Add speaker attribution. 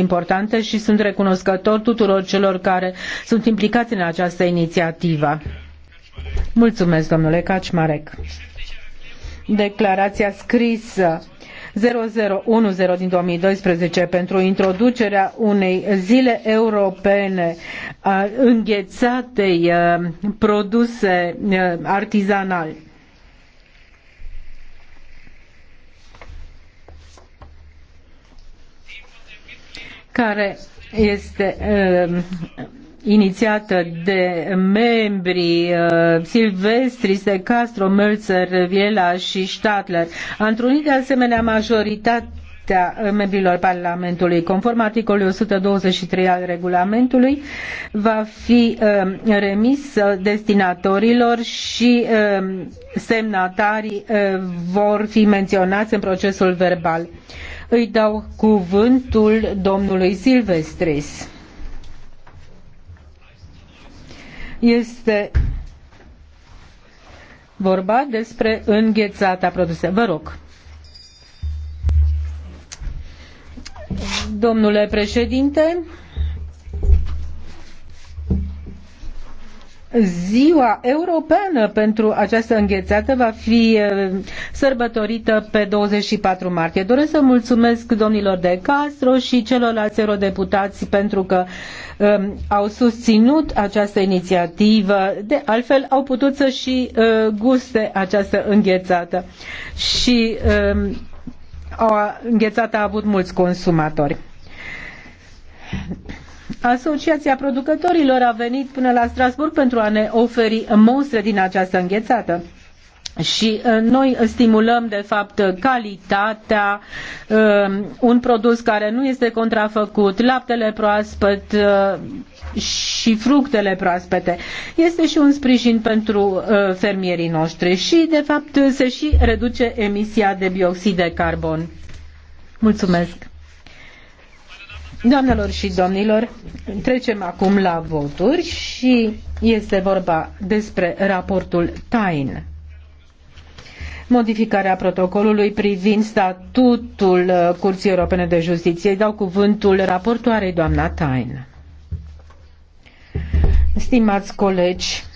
Speaker 1: importante și sunt recunoscător tuturor celor care sunt implicați în această inițiativă. Mulțumesc, domnule Kaczmarek. Declarația scrisă 0010 din 2012 pentru introducerea unei zile europene înghețatei produse artizanale care este uh, inițiată de membrii uh, Silvestri, de Castro, Mölzer, Viela și Stadler. A întrunit de asemenea majoritate partea membrilor Parlamentului. Conform articolului 123 al regulamentului, va fi um, remis uh, destinatorilor și um, semnatarii uh, vor fi menționați în procesul verbal. Îi dau cuvântul domnului Silvestris. Este vorba despre înghețata produse. Vă rog. Domnule președinte, Ziua Europeană pentru această înghețată va fi eh, sărbătorită pe 24 martie. Doresc să mulțumesc domnilor de Castro și celorlalți eurodeputați pentru că um, au susținut această inițiativă. De altfel, au putut să și uh, guste această înghețată. Și um, a avut mulți consumatori. Asociația producătorilor a venit până la Strasburg pentru a ne oferi mostre din această înghețată. Și uh, noi stimulăm, de fapt, calitatea, uh, un produs care nu este contrafăcut, laptele proaspăt uh, și fructele proaspete. Este și un sprijin pentru fermierii noștri și, de fapt, se și reduce emisia de bioxid de carbon. Mulțumesc! Doamnelor și domnilor, trecem acum la voturi și este vorba despre raportul TAIN. Modificarea protocolului privind statutul uh, Curții Europene de Justiție. Îi dau cuvântul raportoarei doamna TAIN. Stimați colegi,